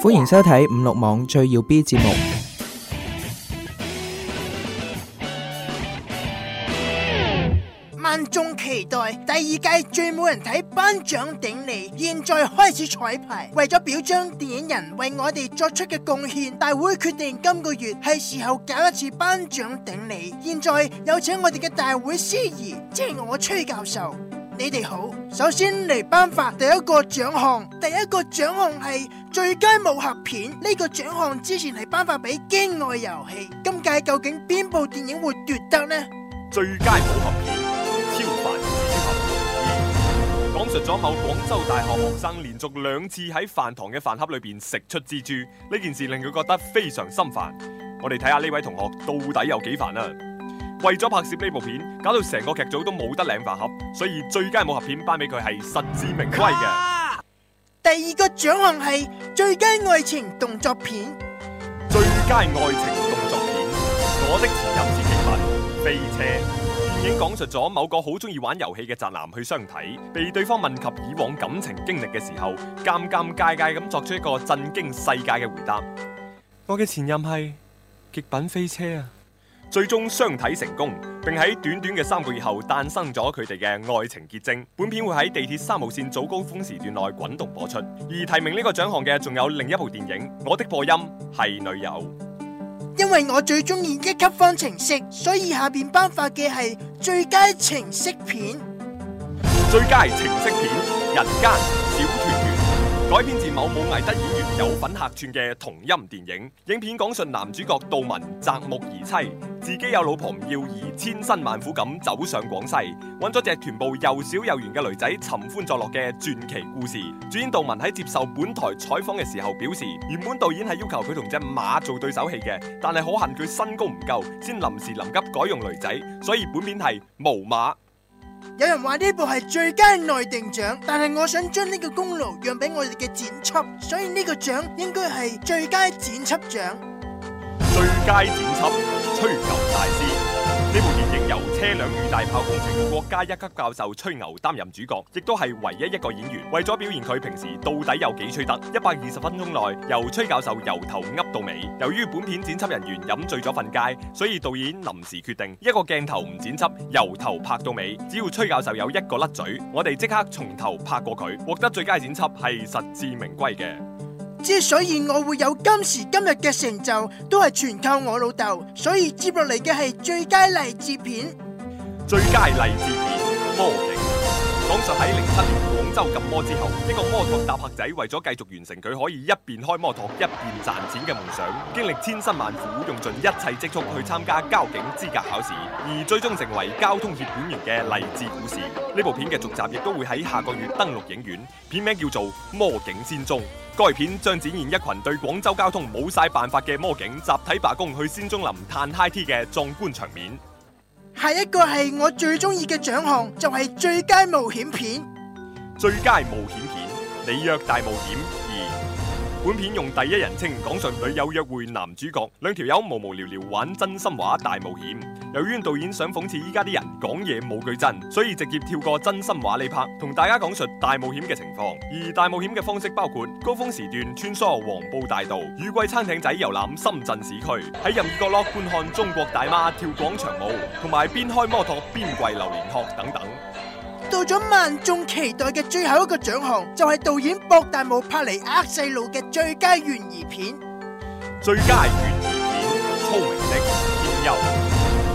歡迎收睇《五六網最耀 B 節目》。萬眾期待第二屆最冇人睇頒獎典禮，現在開始彩排。為咗表彰電影人為我哋作出嘅貢獻，大會決定今個月係時候搞一次頒獎典禮。現在有請我哋嘅大會司儀，即係我崔教授。你哋好，首先嚟頒發第一個獎項，第一個獎項係最佳武俠片。呢個獎項之前係頒發俾《驚愛遊戲》，今屆究竟邊部電影會奪得呢？最佳武俠片《超凡蜘蛛俠2》，講述咗某廣州大學學生連續兩次喺飯堂嘅飯盒裏邊食出蜘蛛，呢件事令佢覺得非常心煩。我哋睇下呢位同學到底有幾煩啊！為咗拍攝呢部片，搞到成個劇組都冇得領飯盒，所以最佳武俠片頒俾佢係實至名歸嘅。第二個獎項係最佳愛情動作片。最佳愛情動作片，我的前任是極品飛車。電影講述咗某個好中意玩遊戲嘅宅男去相睇，被對方問及以往感情經歷嘅時候，尷尷尬尬咁作出一個震驚世界嘅回答。我嘅前任係極品飛車啊！最終相睇成功，並喺短短嘅三個月後誕生咗佢哋嘅愛情結晶。本片會喺地鐵三號線早高峰時段內滾動播出。而提名呢個獎項嘅仲有另一部電影《我的播音係女友》，因為我最中意一級方程式，所以下邊頒發嘅係最佳情色片。最佳情色片《人間小團圓》，改編自某某藝德演員。有品客串嘅同音電影，影片講述男主角杜文擇木而妻，自己有老婆唔要，以千辛萬苦咁走上廣西，揾咗隻臀部又小又圓嘅女仔尋歡作樂嘅傳奇故事。主演杜文喺接受本台採訪嘅時候表示，原本導演係要求佢同隻馬做對手戲嘅，但係可恨佢身高唔夠，先臨時臨急改用女仔，所以本片係無馬。有人話呢部係最佳內定獎，但係我想將呢個功勞讓俾我哋嘅剪輯，所以呢個獎應該係最佳剪輯獎。最佳剪輯，吹牛大師。呢部電影由車輛與大炮工程國家一級教授吹牛擔任主角，亦都係唯一一個演員。為咗表現佢平時到底有幾吹得，一百二十分鐘內由吹教授由頭噏到尾。由於本片剪輯人員飲醉咗瞓街，所以導演臨時決定一個鏡頭唔剪輯，由頭拍到尾。只要吹教授有一個甩嘴，我哋即刻從頭拍過佢，獲得最佳剪輯係實至名歸嘅。之所以我會有今時今日嘅成就，都係全靠我老豆。所以接落嚟嘅係最佳勵志片。最佳勵志片，魔警。講述喺零七年廣州禁摩之後，一個摩托搭客仔為咗繼續完成佢可以一邊開摩托一邊賺錢嘅夢想，經歷千辛萬苦，用盡一切積蓄去參加交警資格考試，而最終成為交通協管員嘅勵志故事。呢部片嘅續集亦都會喺下個月登陸影院，片名叫做《魔警仙蹤》。該片將展現一群對廣州交通冇晒辦法嘅魔警集體罷工去仙蹤林嘆 High T 嘅壯觀場面。下一個係我最中意嘅獎項，就係、是、最佳冒險片《最佳冒險片》里約大冒險二。本片用第一人稱講述女友約會男主角，兩條友無無聊聊玩真心話大冒險。由於導演想諷刺依家啲人講嘢冇句真，所以直接跳過真心話嚟拍，同大家講述大冒險嘅情況。而大冒險嘅方式包括高峰時段穿梭黃埔大道、雨季撐艇仔遊覽深圳市區、喺任意角落觀看中國大媽跳廣場舞、同埋邊開摩托邊跪榴蓮殼等等。到咗萬眾期待嘅最後一個獎項，就係、是、導演博大武拍嚟呃細路嘅最佳懸疑片。最佳懸疑片《聰明的天佑》，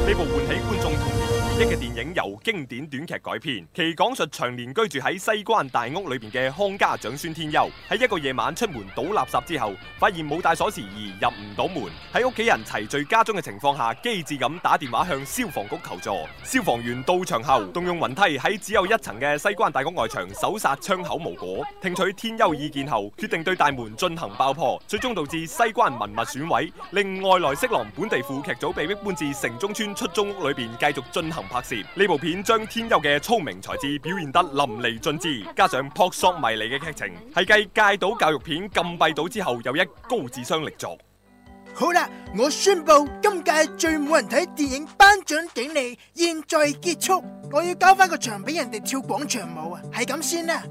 呢部喚起觀眾同一嘅電影由經典短劇改編，其講述長年居住喺西關大屋裏邊嘅康家長孫天佑。喺一個夜晚出門倒垃圾之後，發現冇帶鎖匙而入唔到門，喺屋企人齊聚家中嘅情況下，機智咁打電話向消防局求助。消防員到場後，動用雲梯喺只有一層嘅西關大屋外牆搜索窗口無果，聽取天佑意見後，決定對大門進行爆破，最終導致西關文物損毀，令外來色狼本地副劇組被迫搬至城中村出租屋裏邊繼續進行。拍攝呢部片，將天佑嘅聰明才智表現得淋漓盡致，加上撲朔迷離嘅劇情，係繼戒賭教育片禁閉島之後又一高智商力作。好啦，我宣布今屆最冇人睇電影頒獎典禮現在結束，我要交翻個場俾人哋跳廣場舞啊，係咁先啦。